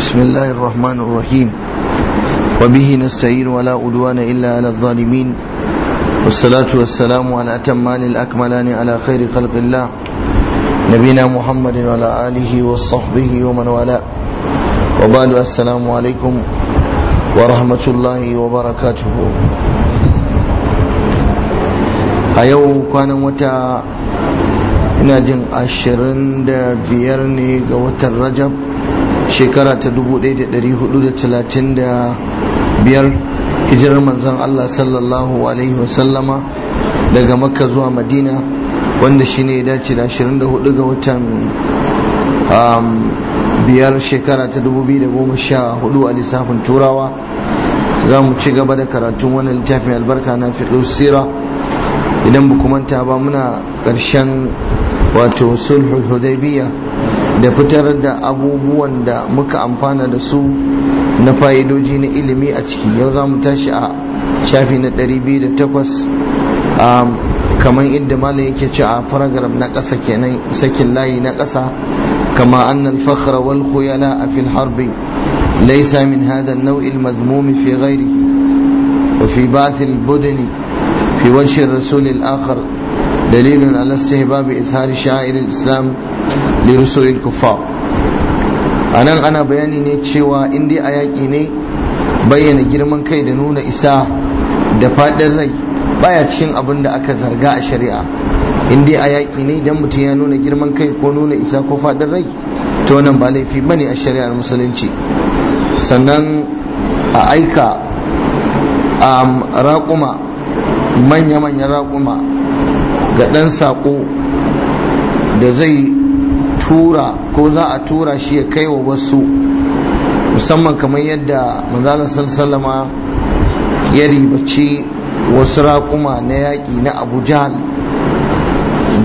بسم الله الرحمن الرحيم وبه نستعين ولا عدوان إلا على الظالمين والصلاة والسلام على أتمان الأكملان على خير خلق الله نبينا محمد وعلى آله وصحبه ومن والاه وبعد السلام عليكم ورحمة الله وبركاته أيو كان متى ina jin ashirin da biyar ne ga watan rajab shekara ta 1435 hijirar manzon Allah sallallahu alaihi wasallama daga makka zuwa madina wanda shine ya dace da 24 ga watan um, biyar shekara ta 2014 a lissafin turawa za mu ci gaba da karatun wani littafin albarka na sira idan ba manta ba muna ƙarshen wato sulhul hudaybiyah da fitar da abubuwan da muka amfana da su na fa'idoji na ilimi a ciki yau za mu tashi a shafi na 208 kamar inda malam yake ci a faragraf na ƙasa kenan sakin layi na ƙasa kama annal fakhra wal khuyala a fil harbi laysa min hadha an-naw' al-mazmum fi ghayri wa fi ba'th al-budni fi wajhi ar-rasul al-akhar dalilun ala istihbab ithar sha'ir al-islam li kufa a anan ana bayani ne cewa indi a yaƙi ne bayyana girman kai da nuna isa da faɗin rai baya cikin abin da aka zarga a shari'a in a yaƙi ne don mutum ya nuna girman kai ko nuna isa ko faɗin rai to wannan ba laifi bane a shari'ar musulunci sannan a aika raƙuma manya-manyan raƙuma ga ɗan saƙo da zai tura ko za a tura shi ya kai wa wasu musamman kamar yadda manzala sallama ya ribaci wasu raƙuma na yaƙi na Abuja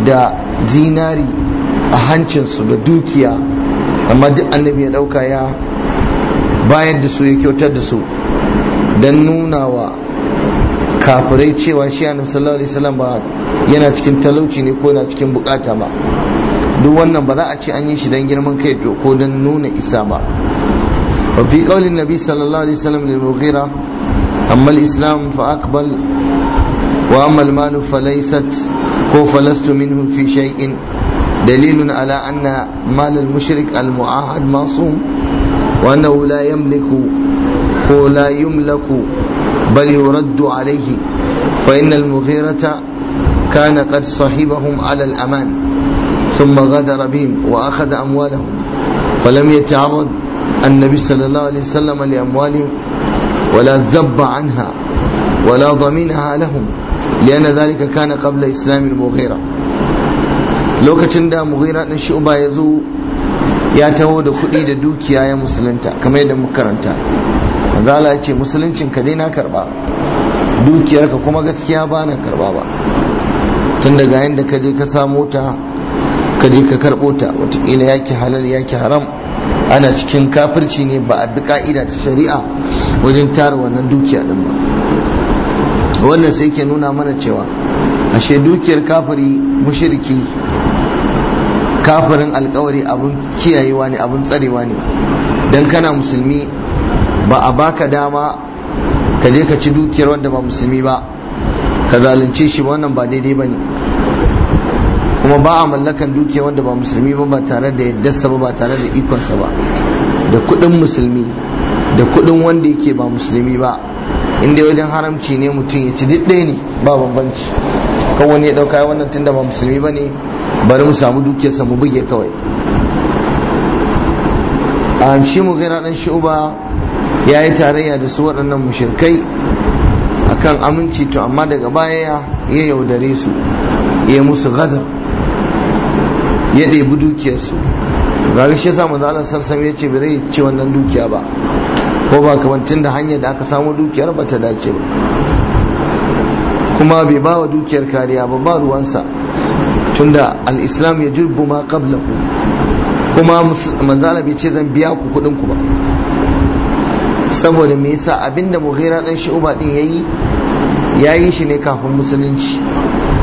da zinari a hancinsu da dukiya amma duk annabi ya ɗauka ya bayar da su ya kyautar da su don nuna wa kafirai cewa shi annabi sallallahu alaihi wasallam ba yana cikin talauci ne ko yana cikin bukata ba duk wannan ba za a ce an yi shi don girman kai ko don nuna isa ba wafi ƙaunin nabi sallallahu alaihi wasallam da mughira amma islam fa akbal wa amma malu falaisat ko falastu minhu fi shay'in dalilun ala anna mal mushrik al mu'ahad masum wa annahu la yamliku ko la yumlaku bal yuraddu alayhi fa inna al mughirata kana qad sahibahum ala al aman ثم غدر بهم وأخذ أموالهم فلم يتعرض النبي صلى الله عليه وسلم لأموالهم ولا ذب عنها ولا ضمينها لهم لأن ذلك كان قبل إسلام المغيرة lokacin da mughira ɗin shuba ya zo ya taho da kuɗi da dukiya ya musulunta kamar yadda muka karanta manzala ce musuluncin ka dai na karba dukiyar kuma gaskiya bana na karba ba tun daga yadda ka je ka samo ta ka ka karɓo ta watakila yaki halal yaki haram ana cikin kafirci ne ba a bi ka'ida ta shari'a wajen tara wannan dukiya din ba wannan sai ke nuna mana cewa ashe dukiyar kafiri mushriki kafirin alkawari abin kiyayewa ne abin tsarewa ne dan kana musulmi ba a baka dama ka ka ci dukiyar wanda ba musulmi ba ka zalunce shi wannan ba daidai ba ne kuma ba a mallakan dukiya wanda ba musulmi ba ba tare da yaddarsa ba ba tare da ikonsa ba da kudin musulmi da kudin wanda yake ba musulmi ba inda wajen haramci ne mutum ya ci duk ɗaya ne ba bambanci kan wani ya ɗauka wannan tunda ba musulmi ba ne bari mu samu dukiyarsa mu buge kawai a shi mu gaira ɗan shi'uba ya yi tarayya da su waɗannan mushirkai akan aminci to amma daga baya ya yaudare su ya musu gadar ya ɗebi dukiyarsu gaga shi yasa manzo Allah sarsam ya ce bai ci wannan dukiya ba ko ba kamar tun da hanyar da aka samu dukiyar ba ta dace ba kuma bai ba dukiyar kariya ba ba ruwansa tunda da al'islam ya jirbu ma qablahu kuma manzo Allah bai ce zan biya ku kuɗin ku ba saboda me yasa abinda mughira dan shi'uba din yayi yayi shi ne kafin musulunci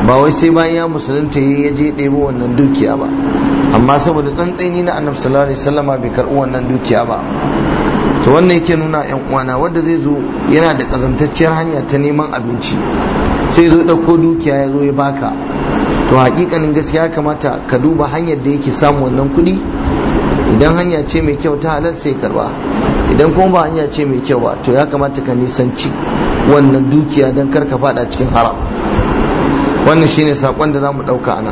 ba wai sai bayan ya musulunta ya je ɗebo wannan dukiya ba amma saboda tsantsani na annabi sallallahu alaihi bai karɓi wannan dukiya ba to wannan yake nuna yan uwana wanda zai zo yana da kazantacciyar hanya ta neman abinci sai zo ɗauko dukiya ya zo ya baka to hakikanin gaskiya kamata ka duba hanyar da yake samu wannan kuɗi idan hanya ce mai kyau ta halar sai karba idan kuma ba hanya ce mai kyau ba to ya kamata ka nisanci wannan dukiya don kar ka fada cikin haram wannan shine sakon da zamu dauka ana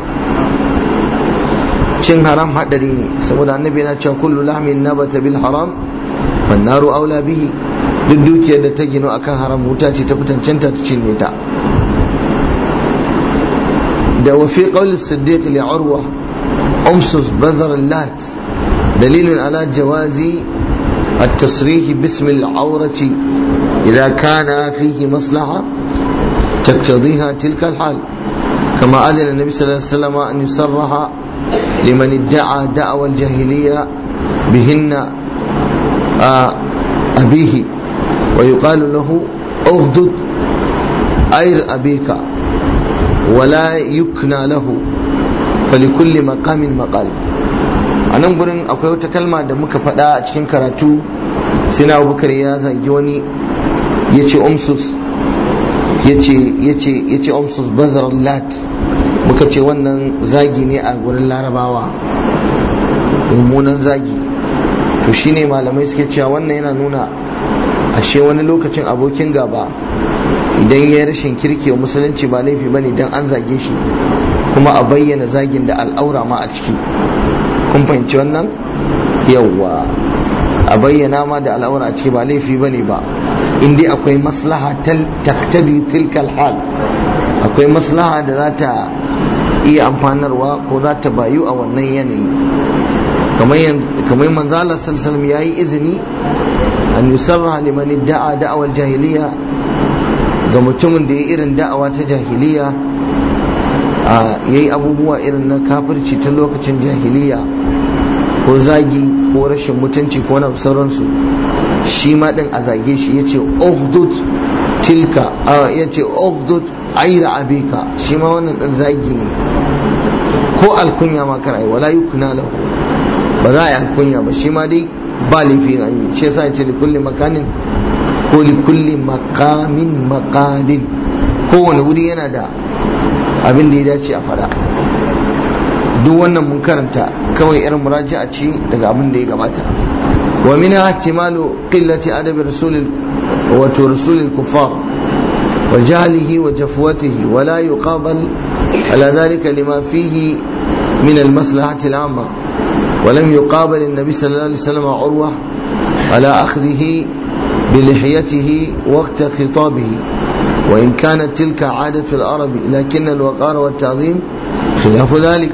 cin haram hadari ne saboda annabi yana cewa kullu lahmin nabata bil haram wan naru aula bihi duk dukiyar da ta gino akan haram wuta ce ta fitancenta ta cinye ta da wafi qawli siddiq li urwa umsus bazar lat dalilun ala jawazi التصريح باسم العورة إذا كان فيه مصلحة تقتضيها تلك الحال كما أذن النبي صلى الله عليه وسلم أن يصرح لمن ادعى دعوى الجاهلية بهن أبيه ويقال له أغدد أير أبيك ولا يكنى له فلكل مقام مقال a gurin akwai wata kalma da muka faɗa a cikin karatu sai na ya zagi wani ya ce umsus yace yace yace umsus bazar lat muka ce wannan zagi ne a gurin larabawa mummunan zagi to shine malamai suke cewa wannan yana nuna ashe wani lokacin abokin gaba idan ya rashin kirki wa musulunci ba laifi ne don an zage shi kuma a bayyana zagin da al'aura ma a ciki kun fahimci wannan yawwa a bayyana ma da al'aura a ciki ba laifi ne ba in akwai maslaha taktadi tilkal hal akwai maslaha da za ta iya amfanarwa ko za ta bayu a wannan yanayi kamar manzala salsalam ya yi izini an yusarra liman da'a da'awar jahiliya ga mutumin da ya irin da'awa ta jahiliya ya yi abubuwa irin na kafirci ta lokacin jahiliya ko zagi ko rashin mutunci ko na sauransu shi ma din a zage shi yace ughdud tilka yace ughdud aira abika shi ma wannan dan zagi ne ko alkunya ma karai wala yukuna lahu ba za a yi alkunya ba shi ma dai ba laifi an yi shi yasa yace likulli makanin ko likulli makamin makadin kowane wuri yana da abin da ya dace a fada duk wannan mun karanta kawai irin a ce daga abin da ya gabata ومنها احتمال قلة أدب رسول ورسول الكفار وجهله وجفوته ولا يقابل على ذلك لما فيه من المصلحة العامة ولم يقابل النبي صلى الله عليه وسلم عروة على أخذه بلحيته وقت خطابه وإن كانت تلك عادة العرب لكن الوقار والتعظيم خلاف ذلك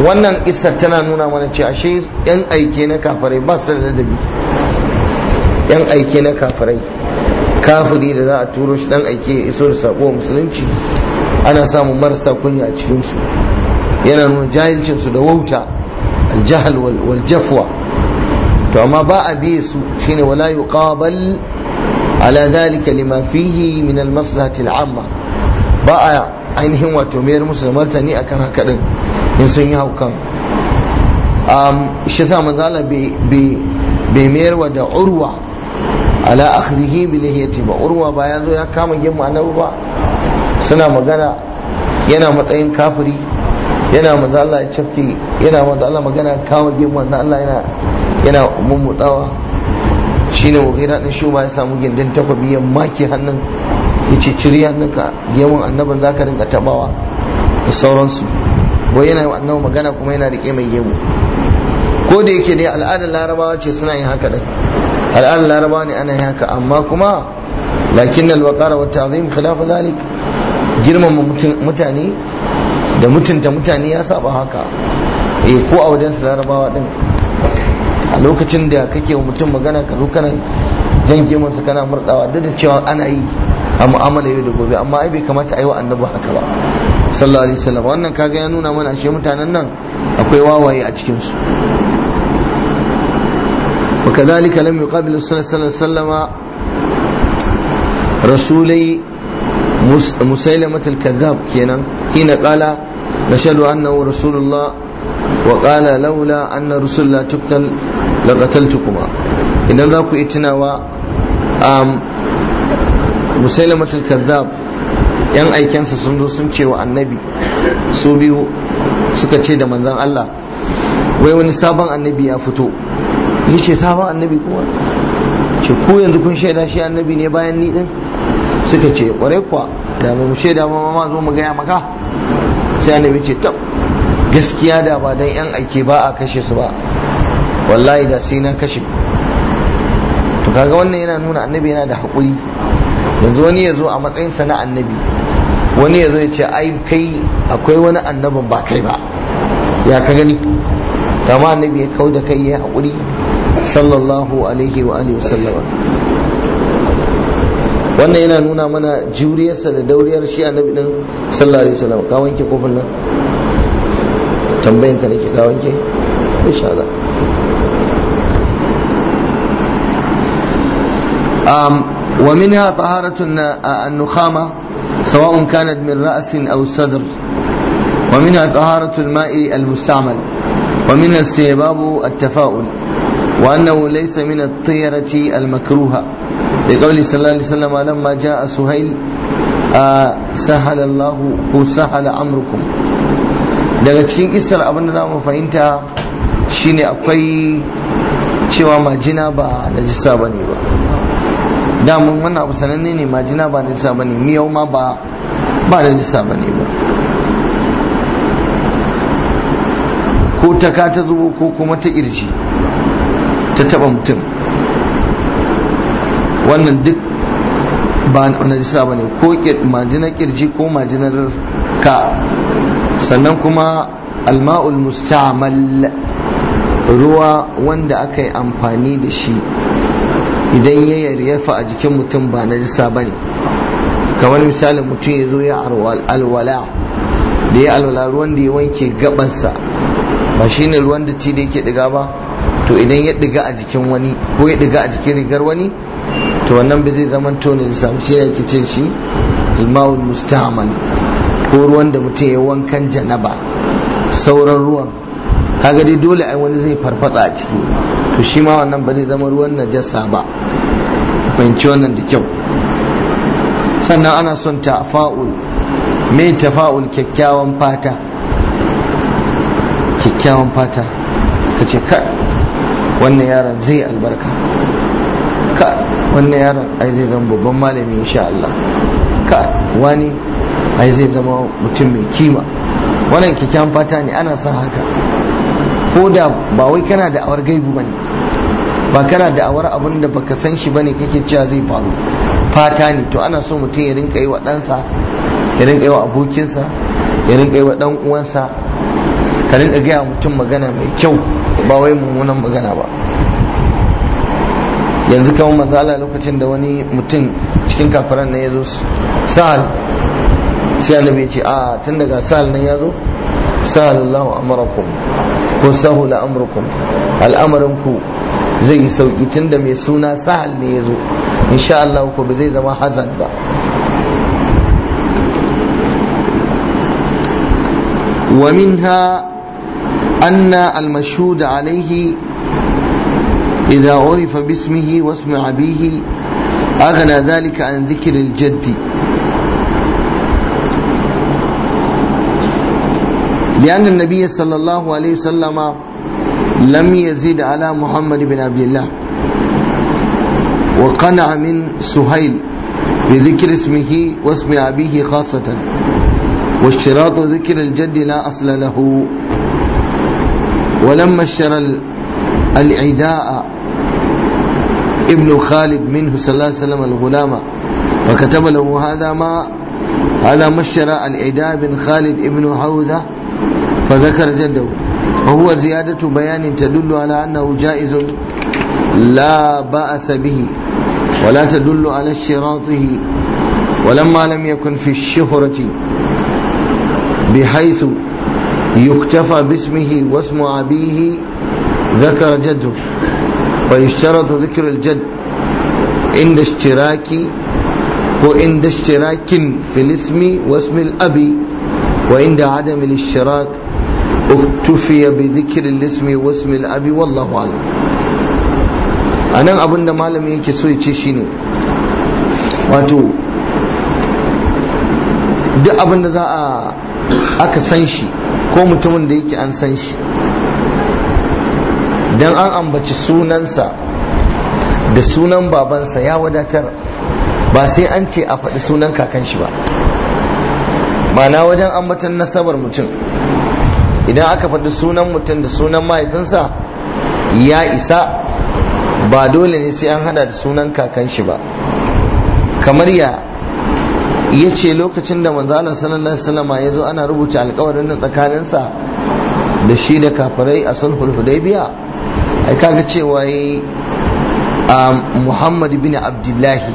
wannan isar tana nuna mana ce ashe yan aike na kafirai ba su da ladabi yan aike na kafirai kafiri da za a turo shi dan aike ya iso da sako musulunci ana samun marasa kunya a cikinsu yana nuna jahilcinsu da wauta aljahal wal jafwa to amma ba a biye su shine wala yuqabal ala dhalika lima fihi min al maslahati al amma ba a ainihin wato mayar musu da martani akan haka din in sun yi haukan um, shi sa manzala bai mayarwa da urwa ala akhdhihi bi lihiyati ba urwa ba ya zo ya kama gin annabi ba suna magana yana matsayin kafiri yana manzo Allah ya cafke yana manzo Allah magana kama gin na Allah yana yana mummutsawa shine mughira din shi ba ya samu gindin takwabi ya maki hannun ya ce ciri hannunka gemun annabin zaka rinka tabawa da sauransu wai yana wa annabi magana kuma yana rike mai gemu ko da yake dai al'adar larabawa ce suna yin haka dai al'adar larabawa ne ana yin haka amma kuma lakin alwaqara wa ta'zim khilaf zalik girman mutane da mutunta mutane ya saba haka eh ko a wajen su larabawa din a lokacin da kake wa mutum magana ka zo kana jan gemansa kana murdawa duk da cewa ana yi a mu'amala yau da gobe amma ai bai kamata a yi wa annabi haka ba sallallahu alaihi wasallam wannan kaga ya nuna mana ashe mutanen nan akwai wawaye a cikin su wa kadhalika lam yuqabilu sallallahu alaihi wasallam rasulai musailamat al-kadhab kenan kina qala nashadu annahu rasulullah wa qala laula anna rusulla tuqtal laqataltukum idan za ku yi tunawa musailamat al-kadhab yan aikensa sun zo sun ce wa annabi su biyu suka ce da manzan Allah wai wani sabon annabi ya fito ya ce sabon annabi kuwa ce ku yanzu kun shaida shi annabi ne bayan ni din suka ce kwarai kuwa da ba mu shaida ba ma zo mu gaya maka sai annabi ce tab gaskiya da ba dan yan aike ba a kashe su ba wallahi da sai na kashe to kaga wannan yana nuna annabi yana da haƙuri yanzu wani ya zo a matsayinsa na annabi wani ya zo ya ce ai kai akwai wani annabin ba kai ba ya ka gani kama annabi ya kau da kai ya haƙuri sallallahu alaihi wa alihi wasallama wannan yana nuna mana juriyarsa da dauriyar shi annabi din sallallahu alaihi wasallam ka wanke kofin nan tambayin ka nake ka wanke insha Allah um wa minha taharatun uh, an-nukhama سواء كانت من رأس أو صدر ومنها طهارة الماء المستعمل ومنها استيباب التفاؤل وأنه ليس من الطيرة المكروهة لقول صلى الله عليه وسلم لما جاء سهيل آه سهل الله سهل أمركم daga cikin isar abin da za mu fahimta shine akwai cewa majina ba najisa ba ba damun wannan abu sananne ne majina ba najisa ba ne miyau ma ba ba najisa ba ne ba ko ta ka ta zubo ko kuma ta irji ta taba mutum wannan duk ba najisa ba ne ko majinar kirji ko majinar ka sannan kuma alma'ul mustamal ruwa wanda aka yi amfani da shi idan ya yaryafa a jikin mutum ba na jisa ba ne kamar misalin mutum ya zo ya alwala da ya alwala ruwan da ya wanke gabansa ba shi ne ruwan da ci da yake diga ba to idan ya diga a jikin wani ko ya diga a jikin rigar wani to wannan ba zai zama tona da lissafi shi ne ake ce shi ilmawul mustamal ko ruwan da mutum ya wankan janaba sauran ruwan kaga dai dole ai wani zai farfada a ciki to shi ma wannan ba zai zama ruwan najasa ba fahimci wannan da kyau sannan ana son tafa'ul mai tafa'ul kyakkyawan fata kyakkyawan fata ka ce ka wannan yaron zai albarka ka wannan yaron ai zai zama babban malami insha Allah ka wani ai zai zama mutum mai kima wannan kyakkyawan fata ne ana son haka ko da ba wai kana da awar gaibu ne, ba kana da awar abin da baka san shi ba ne kake cewa zai faru fata ne to ana so mutum ya rinka yi wa ɗansa ya rinka yi wa abokinsa ya rinka yi wa ɗan uwansa ka rinka gaya mutum magana mai kyau ba wai mummunan magana ba yanzu kamar matsala lokacin da wani mutum cikin kafiran ya yazo sahal sai annabi ya ce a ah, tun daga sahal nan yazo sahal Allahu amarakum ko sahula amrukum al'amarinku zai yi sauki tunda mai suna sahal ne ya zo insha Allah ko ba zai zama hazan ba ومنها أن المشهود عليه إذا عرف باسمه واسم أبيه أغنى ذلك عن ذكر الجد لأن النبي صلى الله عليه وسلم لم يزد على محمد بن عبد الله وقنع من سهيل بذكر اسمه واسم أبيه خاصة واشتراط ذكر الجد لا أصل له ولما اشترى العداء ابن خالد منه صلى الله عليه وسلم الغلام فكتب له هذا ما هذا ما اشترى العداء بن خالد ابن حوذة فذكر جده وهو زيادة بيان تدل على أنه جائز لا بأس به ولا تدل على اشتراطه ولما لم يكن في الشهرة بحيث يكتفى باسمه واسم أبيه ذكر جده ويشترط ذكر الجد عند اشتراك وعند اشتراك في الاسم واسم الأب وعند عدم الاشتراك اكتفي بذكر الاسم واسم abin da malami yake so ya ce shine wato duk abin da za a aka san shi ko mutumin da yake an san shi dan an ambaci sunansa da sunan babansa ya wadatar ba sai an ce a faɗi sunan kakan shi ba mana wajen ambatan nasabar mutum idan aka faɗi sunan mutum da sunan mahaifinsa ya isa ba dole ne sai an hada da sunan kakan shi ba kamar ya ya ce lokacin da manzalar sallallahu alaihi ya zo ana rubuta alkawarin da tsakaninsa da shi da kafirai a sulhul hudaybiya ai kaga cewa yi muhammad bin abdullahi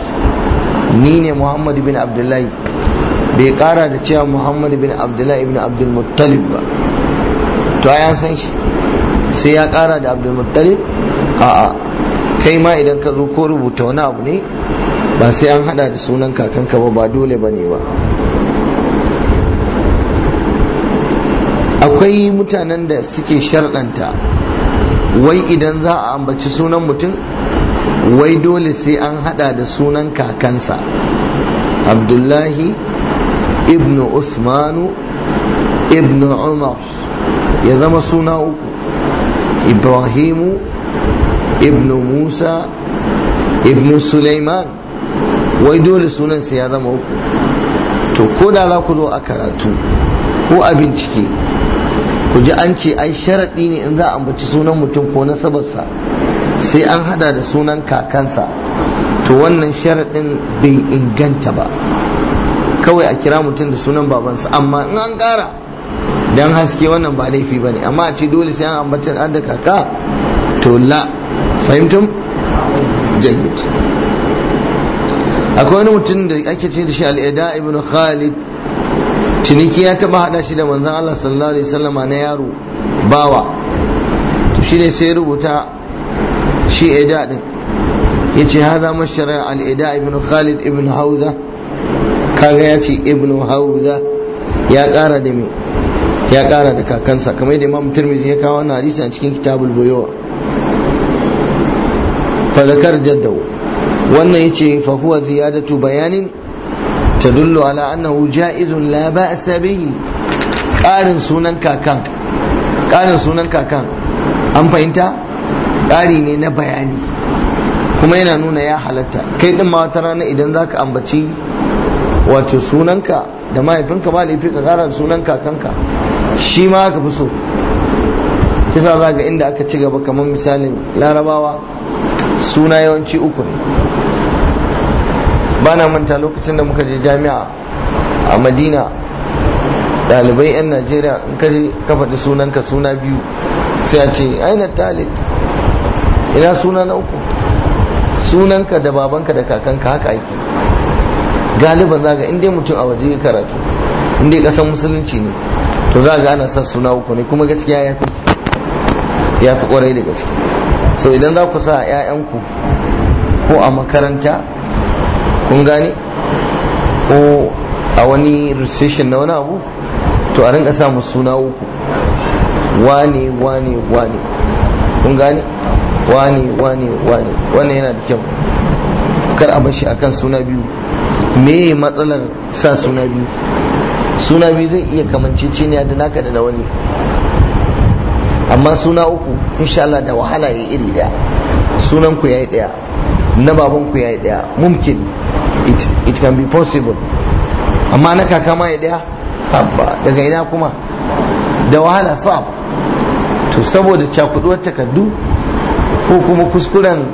ni ne muhammad bin abdullahi bai kara da cewa muhammad bin abdullahi bin abdul muttalib ba to ya san shi sai ya kara da abdul muttalib a'a kai ma idan ka zo ko rubuta wani abu ne ba sai an hada da sunan kakanka ba ba dole bane ba akwai mutanen da suke sharɗanta wai idan za a ambaci sunan mutum wai dole sai an hada da sunan kakansa abdullahi Ibn usmanu ibnu umar ya zama suna uku ibrahimu ibn musa ibn Suleiman. wai dole sunansa ya zama uku to ko da za ku zo a karatu ko a bincike ku ji an ce ai sharaɗi ne in za a ambaci sunan mutum ko nasabarsa sai an hada da sunan kakansa to wannan sharaɗin bai inganta ba kawai a kira mutum da sunan babansa amma in an ƙara dan haske wannan ba laifi bane amma a ce dole sai an ambata an da kaka to la fahimtum jayyid akwai wani mutum da ake ce da shi al'ada ibn khalid ciniki ya taba hada shi da manzon Allah sallallahu alaihi wasallama na yaro bawa to shine sai rubuta shi ada din yace hada mashara al'ada ibn khalid ibn hauza kaga yace ibn hauza ya kara da me ya kara da kakansa kamar yadda imam tirmidhi ya kawo wannan hadisi a cikin kitabul buyuwa fa zakar jaddahu wannan yace fa huwa ziyadatu bayanin tadullu ala annahu jaizun la ba'sa bihi karin sunan kakan karin sunan kakan an fahimta kari ne na bayani kuma yana nuna ya halatta kai din ma wata rana idan zaka ambaci wato sunanka da mahaifinka ba laifi ka ƙara sunan kakanka shi ma aka fi so kisa za ga inda aka ci gaba kamar misalin larabawa suna yawanci uku ne ba na manta lokacin da muka je jami'a a madina ɗalibai 'yan najeriya in ka je ka sunanka suna biyu sai a ce aina talit ina suna na uku sunanka da babanka da kakanka haka ake galiban zaga in inda mutum a waje karatu inda kasan musulunci ne to za ga ana sa suna uku ne kuma gaskiya ya fi ya fi kwarai da gaske so idan za ku sa 'ya'yanku ko a makaranta kun gane ko a wani recession na wani abu to a rinka sa suna uku wane wane wane kun gane wane wane wane wannan yana da kyau kar a bashi akan suna biyu me matsalar sa suna biyu suna biyu zai iya kamanceceniya da naka da na wani amma suna uku insha Allah da wahala ya iri daya sunan ku yayi daya na baban ku yayi daya mumkin it, it can be possible amma na kaka ma ya daya abba daga ina kuma da wahala sab to saboda cakuduwar takardu ko kuma kuskuren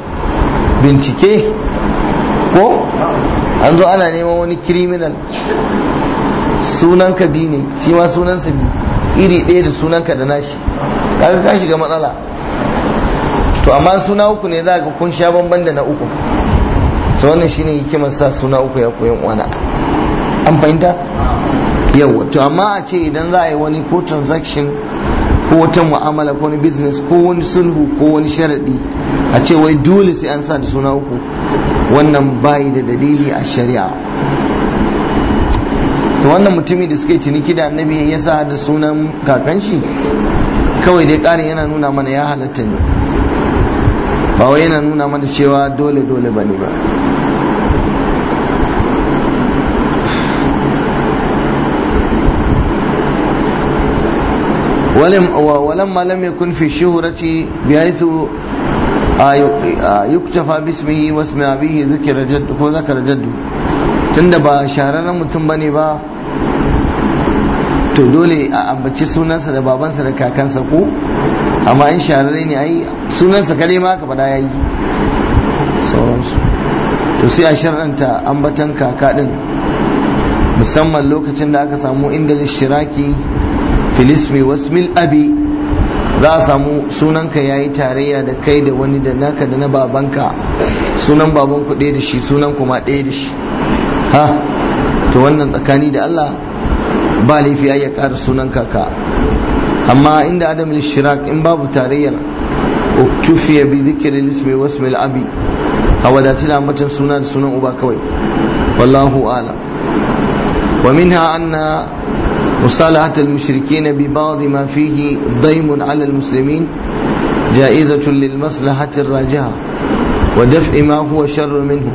bincike ko an zo ana neman wani criminal sunanka bi ne shi ma sunansa bi iri ɗaya da sunanka da nashi kaga ka shiga matsala to amma suna uku ne za ka kun sha bamban da na uku so wannan shine hikimar sa suna uku ya koyan wani an fahimta yau to amma a ce idan za a yi wani ko transaction ko wata mu'amala ko wani business ko wani sulhu ko wani sharadi a ce wai dole sai an sa da suna uku wannan bayi da dalili a shari'a to wannan mutumi da suke ciniki da annabi ya sa da sunan kakan shi kawai dai ƙarin yana nuna mana ya halatta ne ba wai yana nuna mana cewa dole dole ba ne ba ولما لم يكن في الشهرة بحيث يكتفى باسمه واسم أبيه ko جد وذكر جده tunda ba shahararren mutum ba ne ba to dole a ambaci sunansa da babansa da kakansa ko amma in shahararre ne ai sunansa kadai ma ka faɗa yayi sauransu to sai a shar'anta ambatan kaka din musamman lokacin da aka samu inda shiraki filismi wasmil abi za a samu sunanka ya yi tarayya da kai da wani da naka da na babanka sunan babanku ɗaya da shi sunan kuma ɗaya da shi ha to wannan tsakani da Allah ba laifi ya kara sunan kaka amma inda adam shirak in babu tarayyar uktufiya bi zikir ismi wasu mil abi a wadaci da suna da sunan uba kawai wallahu ala wa minha anna مصالحة المشركين ببعض ما فيه ضيم على المسلمين جائزة للمصلحة الراجحة ودفع ما هو شر منه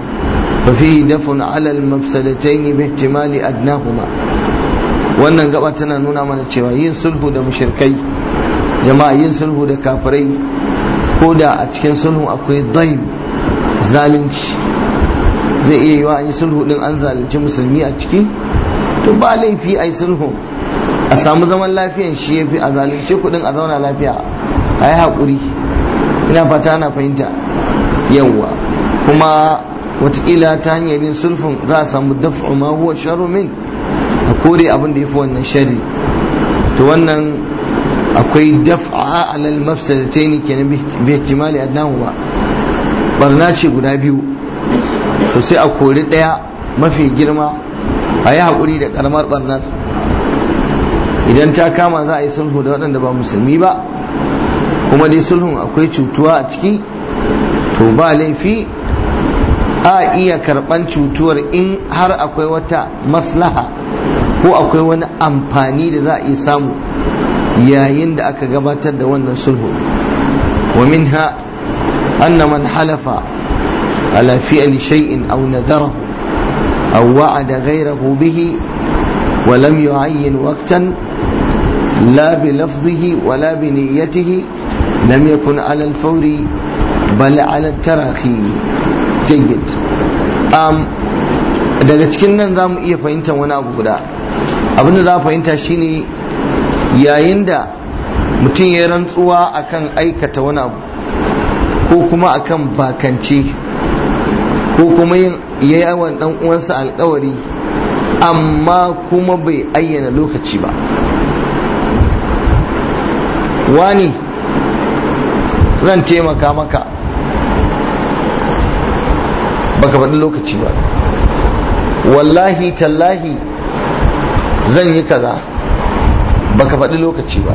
ففيه دفع على المفسدتين باحتمال أدناهما wannan gaba tana nuna mana cewa yin sulhu da mushrikai jama'a yin sulhu da kafirai ko da a cikin sulhu akwai dain zalunci zai iya yiwa an yi sulhu din an zalunci musulmi a ciki to ba laifi a yi sulhu a samu zaman lafiyan shi ya fi a zalunci kudin a zauna lafiya a yi haƙuri ina fata ana fahimta yawwa kuma watakila ta hanyar yin sulhun za a samu dafa ma huwa sharumin ko dai abin da ya fi wannan shari to wannan akwai daf'a alal ta mafsadataini kenan bi ihtimali adnahuma barna ce guda biyu to sai a kori ɗaya mafi girma a yi haƙuri da karamar barnar idan ta kama za a yi sulhu da waɗanda ba musulmi ba kuma dai sulhun akwai cutuwa a ciki to ba laifi a iya karɓan cutuwar in har akwai wata maslaha ko akwai wani amfani da za a iya samu yayin da aka gabatar da wannan sulhu wa minha anna man halafa ala fi'li shay'in aw nadarahu aw wa'ada ghayrahu bihi wa lam yu'ayyin waqtan la bi lafzihi wa la bi niyyatihi lam yakun ala al-fawri bal ala tarahi jayyid daga cikin nan za mu iya fahimtar wani abu guda Abinda za a fahimta shine yayin da mutum ya rantsuwa akan aikata wani abu ko kuma akan bakance ko kuma yin yawan dan uwansa alkawari amma kuma bai ayyana lokaci ba wani zan taimaka maka baka faɗi lokaci ba wallahi tallahi zan yi kaza baka faɗi lokaci ba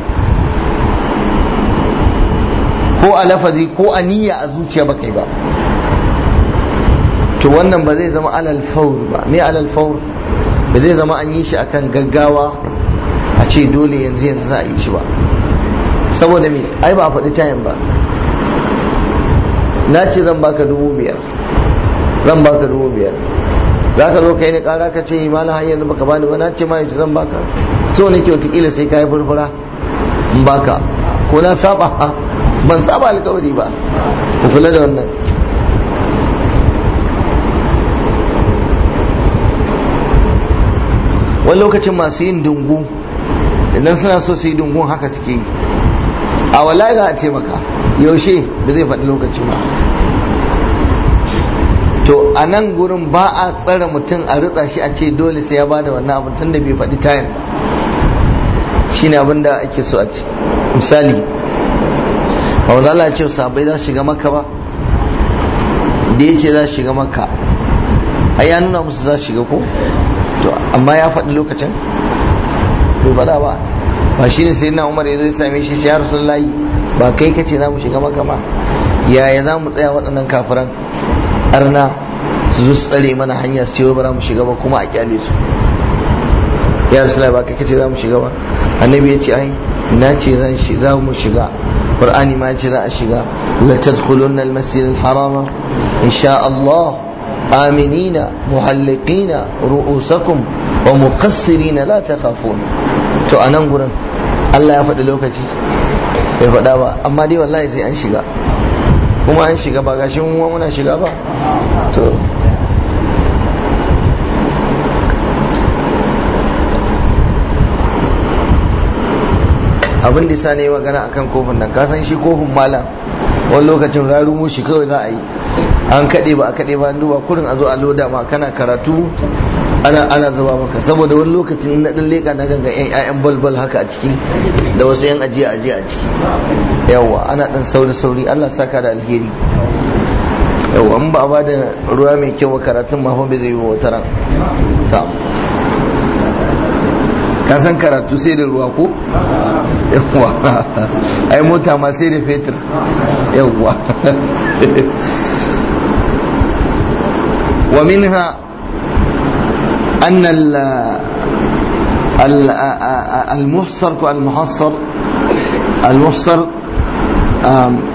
ko a lafazi ko a niyya a zuciya baka yi ba to wannan ba zai zama alal faur ba me alal faur ba zai zama an yi shi akan gaggawa a ce dole yanzu yanzu za a yi shi ba saboda me ai ba a faɗi tayin ba na ce zan baka dubu biyar zan baka dubu biyar za ka zo ka yi ni kara ka ce imala har yanzu baka bani ba na ce ma yanzu zan baka so nake wataƙila sai ka yi furfura in baka ko na saba ban saba alƙawari ba ku kula da wannan wani lokacin masu yin dungu idan suna so su yi dungun haka suke yi a wala za a ce maka yaushe ba zai faɗi lokacin ba to a nan gurin ba a tsare mutum a ritsa shi a ce dole sai ya bada wannan abin da bai faɗi tayin ba shine abin da ake so a ce misali ba wanda Allah ce sabai za su shiga maka ba da ya ce za su shiga maka ai ya nuna musu za su shiga ko to amma ya faɗi lokacin bai faɗa ba ba shi ne sai na Umar ya zo ya same shi ya layi. ba kai kace za mu shiga maka ba yaya za mu tsaya waɗannan kafiran arna su zo su tsare mana hanya su cewa bara mu shiga ba kuma a kyale su ya rasulullahi ba kai kace za mu shiga ba annabi ya ce ai na ce zan shi za mu shiga qur'ani ma ce za a shiga la tadkhuluna al-masjid al-harama insha Allah aminina muhallikina ru'usakum wa muqassirina la takhafun to anan gurin Allah ya faɗi lokaci bai faɗa ba amma dai wallahi sai an shiga kuma an shiga ba gashi mu muna shiga ba to abin da sa ne magana akan kofin nan kasan shi kofin malam wani lokacin rarumo shi kawai za a yi an kaɗe ba a kaɗe ba an duba kurin a zo a loda ma kana karatu ana ana zuba maka saboda wani lokacin na dan leka na ganga yan ayan balbal haka a ciki da wasu yan ajiya ajiya a ciki yawa ana dan sauri sauri Allah saka da alheri yawa an ba a da ruwa mai kyau ba karatun ma fa bai zai yi wata ran ta ka san karatu sai da ruwa ko yawa ai mota ma sai da fetur yawa wa minha أن المحصر المحصر المحصر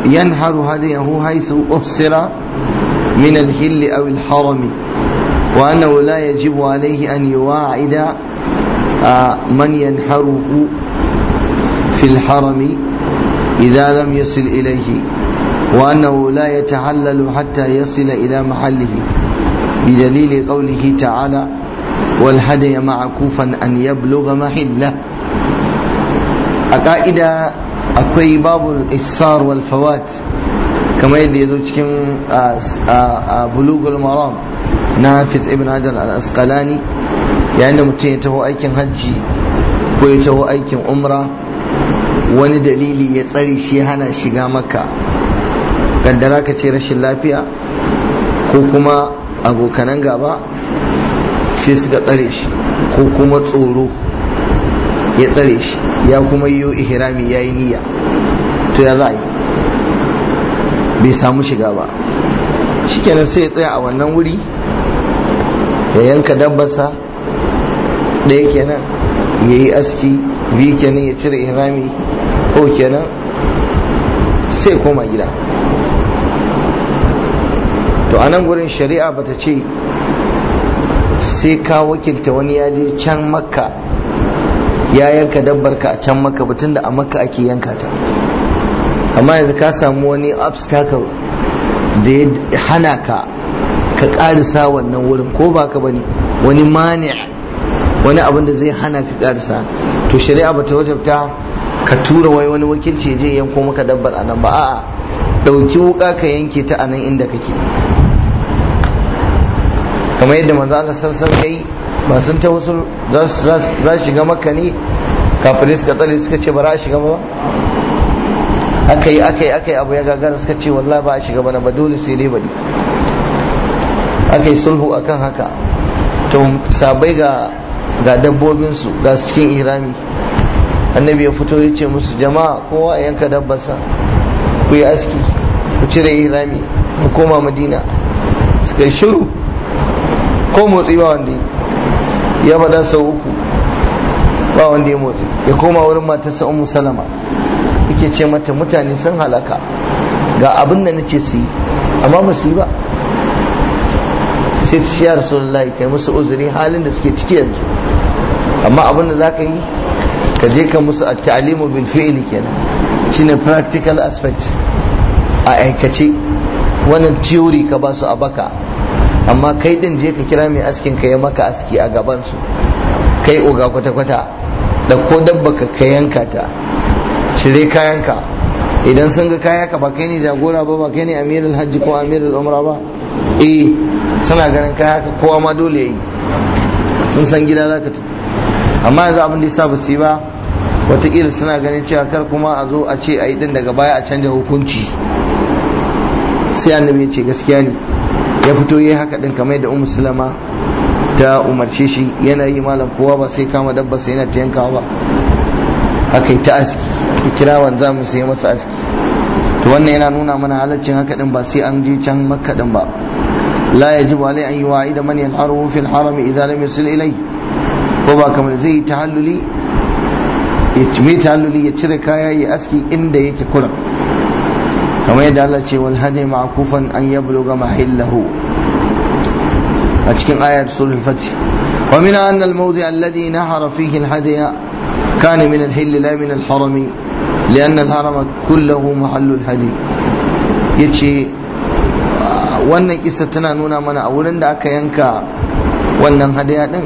ينحر هديه حيث أحصر من الحل أو الحرم وأنه لا يجب عليه أن يواعد من ينحره في الحرم إذا لم يصل إليه وأنه لا يتعلل حتى يصل إلى محله بدليل قوله تعالى والهدي معكوفا أن يبلغ محله أقائد أكوي باب الإصار والفوات كما يدي يدوشكم بلوغ المرام نافس ابن حجر الأسقلاني يعني متين يتهو أيكن هجي ويتهو أيكن أمرة wani dalili ya tsare shi hana shiga maka gandara ka ce rashin lafiya ko kuma abokanan gaba sai suka tsare shi ko kuma tsoro ya tsare shi ya kuma yi ihrami ya yi niyya to ya za yi bai samu shiga ba shikenan sai ya tsaya a wannan wuri ya yanka dabbarsa ɗaya kenan ya yi aski biyu kenan ya cire ihrami ko kenan sai koma gida to a nan gurin shari'a bata ce sai ka wakilta wani ya je can makka ya yanka dabbar ka a can makka batun da a makka ake yanka ta amma yanzu ka samu wani obstacle da ya hana ka ka karisa wannan wurin ko ba ka bane wani mani wani abin da zai hana ka karisa to shari'a ta wajabta ka tura wai wani wakilci je yanko maka dabbar a nan ba a'a dauki wuka ka yanke ta a nan inda kake kamar yadda manzo Allah sarsan kai ba sun ta wasu za su shiga makka ne kafirai suka tsare suka ce ba za a shiga ba aka yi aka yi aka yi abu ya gagara suka ce wallahi ba a shiga bana ba dole sai dai bari aka yi sulhu akan haka to sabai ga ga su ga su cikin ihrami annabi ya fito ya ce musu jama'a kowa a yanka dabbarsa ku yi aski ku cire ihrami ku koma madina suka yi shiru ko motsi ba wanda ya faɗa sau uku ba wanda ya motsi ya koma wurin matarsa umu salama yake ce mata mutane sun halaka ga abin da nace su yi amma ba su yi ba sai su ya kai musu uzuri halin da suke ciki yanzu amma abin da za ka yi ka je ka musu a ta'alimu bil fi'ili kenan shine practical aspect a aikace wannan theory ka ba su a baka amma kai din je ka kira mai askin ka ya maka aski a gaban su kai oga kwata-kwata da ko dabba ka ka yanka ta cire kayanka idan sun ga kaya ka ba kai ne jagora ba ba kai ne amirul hajji ko amirul umra ba eh suna ganin kaya ka kowa ma dole yi sun san gida za ka amma yanzu abin da ya sa ba su yi ba watakila suna ganin cewa kar kuma a zo a ce a yi din daga baya a canja hukunci sai annabi ya ce gaskiya ne ya fito yi haka din kamar yadda umar sulama ta umarce shi yana yi malam kowa ba sai kama dabba sai yana ta yanka ba haka ta aski kira wanda mu sai masa aski to wannan yana nuna mana halaccin haka din ba sai an je can makka din ba la yajibu alai an yu'aida man yanharu fil haram idza lam ilai ko ba kamar zai yi tahalluli ya mai tahalluli ya cire kaya ya aski inda yake kuran kamar yadda Allah ce wal hadi ma'kufan an yabluga mahillahu a cikin ayar sulhul fatih wa min anna al mawdi alladhi nahara fihi al hadi kana min al hill la min al haram لأن kulluhu mahallu al hadi yace wannan kisa tana nuna mana a wurin da aka yanka wannan hadiya din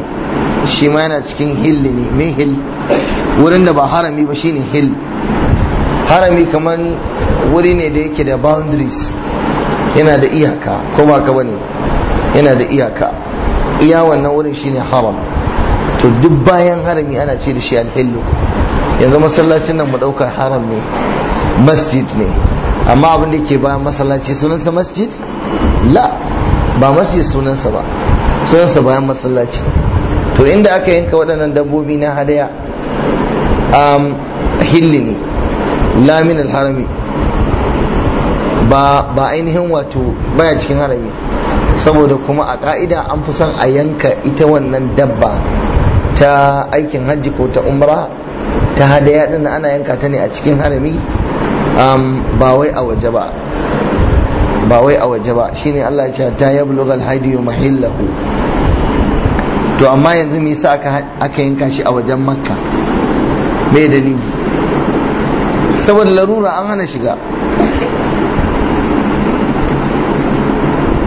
shi ma yana cikin hill ne mai hill wurin da ba harami ba shine hill harami kamar wuri ne da yake da boundaries yana da iyaka ko ba ka bane yana da iyaka iya wannan wurin shine haram to duk bayan harami ana ce da shi alhillu yanzu masallacin nan mu ɗauka haram ne masjid ne amma abin da ke bayan masallaci sunansa masjid la ba masjid sunansa ba sunansa bayan masallaci to inda aka yanka waɗannan dabbobi na hadaya um, hilli ne lamin alharami harami ba ba ainihin wato baya cikin harami saboda kuma a ka'ida an fi son a yanka ita wannan dabba ta aikin hajji ko ta umra ta hadaya din ana yanka ta ne a cikin harami ba wai a waje ba ba wai a waje ba shine Allah ya ce ta yablugha al-hadiyu mahillahu to amma yanzu me yasa aka aka yanka shi a wajen makka me dalili saboda larura an hana shiga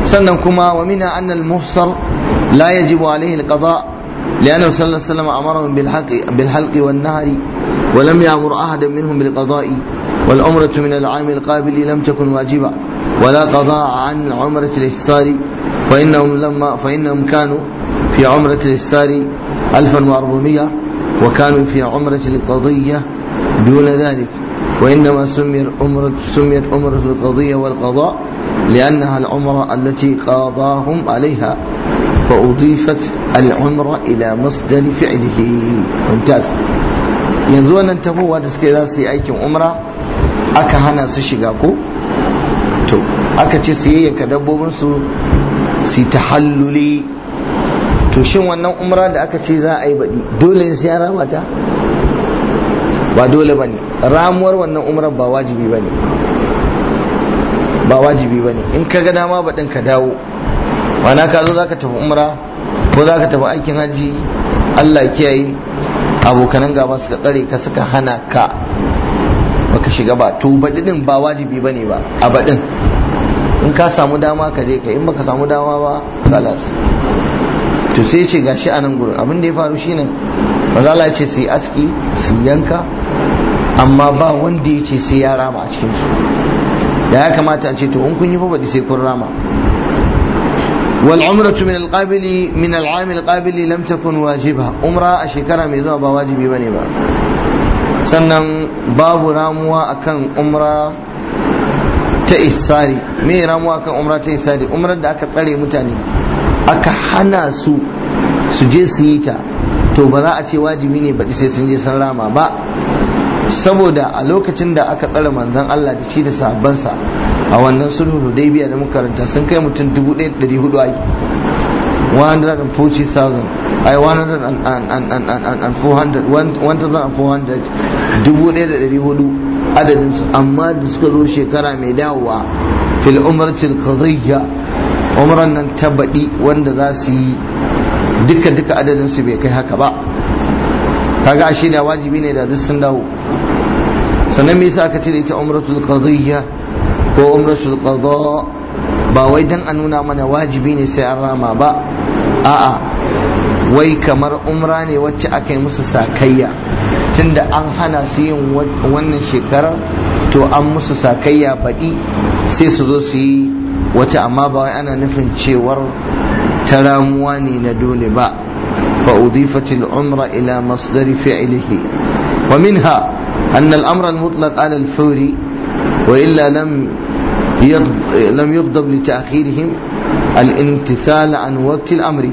sannan kuma wa mina annal muhsar la yajibu alaihi alqada لأنه صلى الله عليه وسلم أمرهم بالحق بالحلق والنهر ولم يأمر أحدا منهم بالقضاء والعمرة من العام القابل لم تكن واجبة ولا قضاء عن عمرة الإفسار فإنهم لما فإنهم كانوا في عمرة الإفسار 1400 وكانوا في عمرة القضية دون ذلك وإنما سميت عمرة سميت عمرة القضية والقضاء لأنها العمرة التي قاضاهم عليها فأضيفت العمرة إلى مصدر فعله ممتاز yanzu wannan tabowa da suke za su yi aikin umra aka hana su shiga ko to aka ce su yayyanka dabbobinsu su ta halluli to shin wannan umra da aka ce za a yi baɗi dole sai an rabata ba dole ba ne ramuwar wannan umrar ba wajibi ba ne ba wajibi ba ne in ka ga dama ba ɗin ka dawo mana ka zo za ka tafi umra ko za ka tafi aikin hajji allah ya kiyaye abokanan gaba suka tsare ka suka hana ka baka shiga ba to ba ɗin ba wajibi ba ne ba a baɗin in ka samu dama ka je ka in baka samu dama ba kalas to sai ce gashi a nan gurin abin da ya faru shine manzo Allah ya ce su yi aski su yanka amma ba wanda ya ce sai ya rama a cikinsu da ya kamata a ce to in kun yi fa sai kun rama wal umratu min al qabili min al am al qabili lam takun wajiba umra a shekara mai zuwa ba wajibi bane ba sannan babu ramuwa akan umra ta isari me ramuwa akan umra ta isari umrar da aka tsare mutane aka hana su su je su yi ta to ba za a ce wajibi ne baɗi sai sun je sun rama ba saboda a lokacin da aka tsare manzon Allah da shi da sahabbansa a wannan sulhu Hudaybiya da muka karanta sun kai mutum 1400 ai 140,000 ai 1,400 adadin su amma da suka zo shekara mai dawowa fil umratil qadiyya umran nan ta baɗi wanda za su yi duka duka adadin su bai kai haka ba kaga ashe da wajibi ne da duk sun dawo sannan me yasa aka ce da ita umratul qadiyya ko umratul qada ba wai dan a nuna mana wajibi ne sai an rama ba a'a wai kamar umra ne wacce aka yi musu sakayya tunda an hana su yin wannan shekarar to an musu sakayya baɗi sai su zo su yi wata amma ba wai ana nufin cewar ta ramuwa ne na dole ba فأضيفت الأمر إلى مصدر فعله ومنها أن الأمر المطلق على الفور وإلا لم لم يغضب لتأخيرهم الامتثال عن وقت الأمر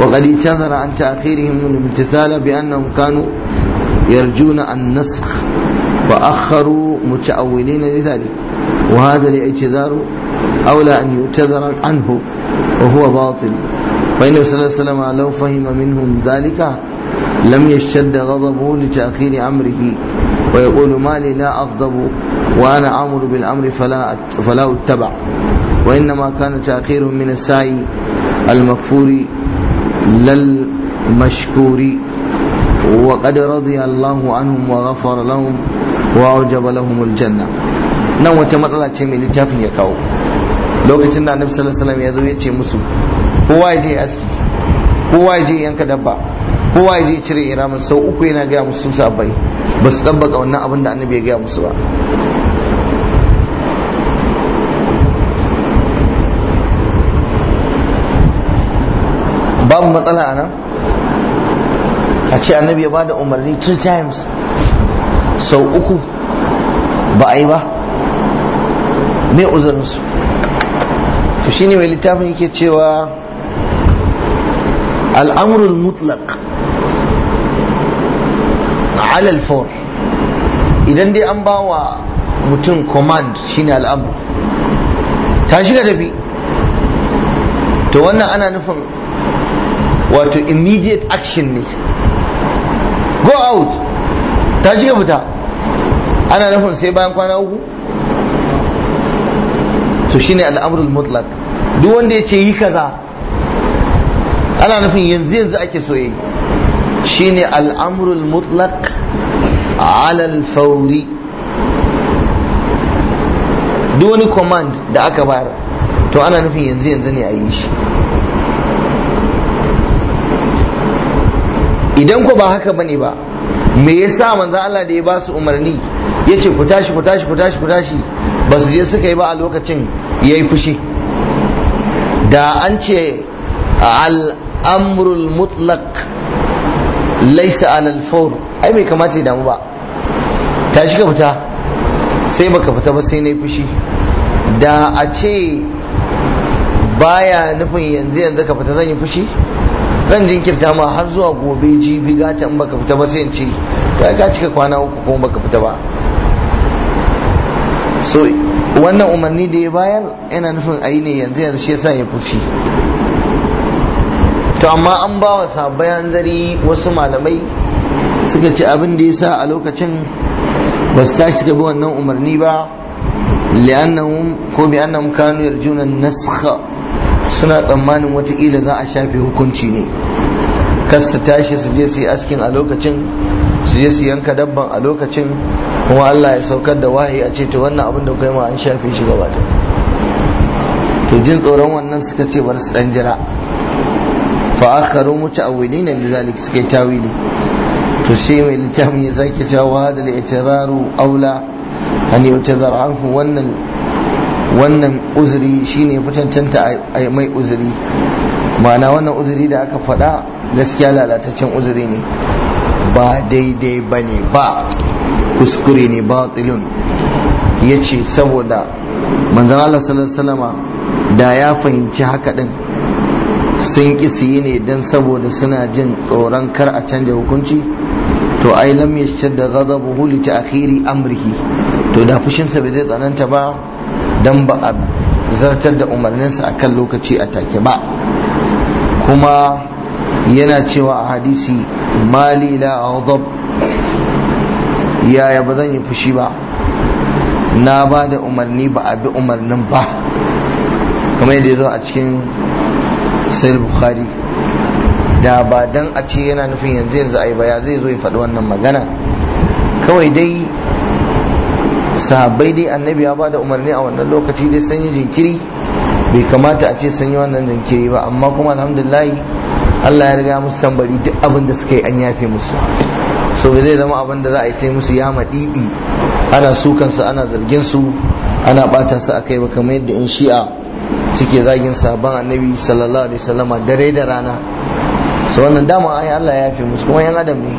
وقد اعتذر عن تأخيرهم الامتثال بأنهم كانوا يرجون النسخ وأخروا متأولين لذلك وهذا الاعتذار أولى أن يعتذر عنه وهو باطل فإن صلى الله عليه وسلم لو فهم منهم ذلك لم يشتد غضبه لتأخير أمره ويقول ما لي لا أغضب وأنا أمر بالأمر فلا فلا أتبع وإنما كان تأخير من السعي المغفور للمشكور وقد رضي الله عنهم وغفر لهم وأوجب لهم الجنة نوة مطلعة من التافه يكاو lokacin da annabi sallallahu alaihi wasallam ya zo ya ce musu kowa ya je aski kowa ya je yanka dabba kowa ya je cire iramin sau uku yana gaya musu su sabai ba su tabbaka wannan abin da annabi ya gaya musu ba babu matsala a nan a ce annabi ya bada umarni two times sau uku ba a yi ba me uzurinsu shine mai littafin yake cewa al'amurul mutlaq alal for idan dai an bawa mutum command shine al'amur ta shiga tafi to wannan ana nufin wato immediate action ne go out ta shiga fita ana nufin sai bayan kwana uku to shine al'amurul mutlaq duk wanda ya ce yi kaza ana nufin yanzu yanzu ake soye yi shine al'amurul mutlaq alal fauri duk wani command da aka bayar to ana nufin yanzu yanzu ne a yi shi idan ku ba haka bane ba me yasa manzo Allah da ya ba su umarni yace ku tashi ku tashi ku tashi ku tashi ba su je suka yi ba a lokacin yayi fushi da an ce al'amrul Mutlak laisa alal faur ai bai kamata damu ba ta shiga fita sai baka fita ba sai na fushi da a ce baya nufin yanzu yanzu ka fita zan yi fushi zan jinkirta ma har zuwa gobe jibi gata in baka fita ba sai in ce ya ka cika kwana uku kuma baka fita ba so wannan umarni da ya bayar yana nufin a yi ne yanzu yanzu shi yasa ya fushi to amma an ba wa sabai zari wasu malamai suka ci abin da ya sa a lokacin ba su tashi suka bi wannan umarni ba li'annahum ko bi annahum kanu yarjuna naskha suna tsammanin watakila za a shafe hukunci ne kasta tashi su je su yi askin a lokacin su je su yanka dabban a lokacin kuma Allah ya saukar da wahayi a ce to wannan abin da kai ma an shafe shi gaba ta to jin tsoron wannan suka ce bar su dan jira fa akharu muta'awwilina lidhalik suka tawili to sai mai littafin ya sake cewa da al-i'tiraru aula an yu'tazar anhu wannan wannan uzuri shine fitantanta a mai uzuri ma'ana wannan uzuri da aka faɗa gaskiya lalataccen uzuri ne ba daidai ba ne ba kuskure ne ba tsilin. ya ce saboda manzan Allah salama da ya fahimci haka din sun ƙi yi ne don saboda suna jin tsoron kar a canja hukunci to ai lam yashadda buhuli ta ta'khiri amrihi to da fushinsa bai zai tsananta ba dan ba a zartar da umarninsa akan lokaci a take ba kuma yana cewa a hadisi mali la ghadab yaya ba zan yi fushi ba na ba da umarni ba a bi umarnin ba kamar yadda zo a cikin sayar bukhari da ba dan a ce yana nufin yanzu yanzu ai baya zai zo ya faɗi wannan magana kawai dai sahabai dai annabi ya ba da umarni a wannan lokaci dai sun jinkiri bai kamata a ce sun yi wannan jinkiri ba amma kuma alhamdulillahi Allah ya riga musu tambari duk abin da suka yi an yafe musu so zai zama abin da za a yi ta musu ya maɗiɗi ana sukan su ana zargin su ana ɓata su a kai ba kamar yadda in shi'a suke zagin sabon annabi sallallahu alaihi wasallama dare da rana so wannan dama ai Allah ya yafe musu kuma yan adam ne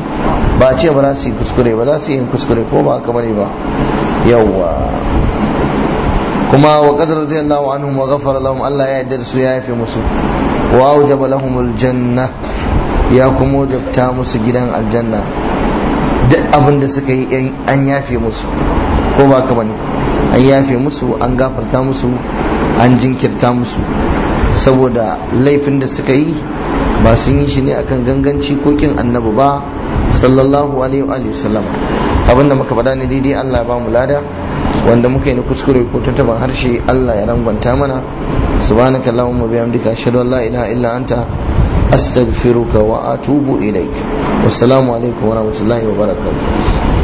ba a ce ba za su yi kuskure ba za su yi kuskure ko ba kamar ba yawwa kuma wa qadar radiyallahu anhum wa ghafara lahum Allah ya yarda da su ya yafe musu wa aujaba lahumul janna ya kuma wajabta musu gidan aljanna duk abin da suka yi eh, an yafe musu ko ba ka bane an yafe musu an gafarta musu an jinkirta musu saboda laifin da suka yi ba sun yi shi ne akan ganganci ko kin annabi ba sallallahu alaihi wa sallam da muka faɗa ne daidai Allah ya ba mu lada wanda muka yi na kuskure ko tuntuban harshe Allah ya rangwanta mana subhanaka allahumma bihamdika ashhadu an la ilaha illa anta astaghfiruka wa atubu ilaik wassalamu alaikum wa rahmatullahi wa barakatuh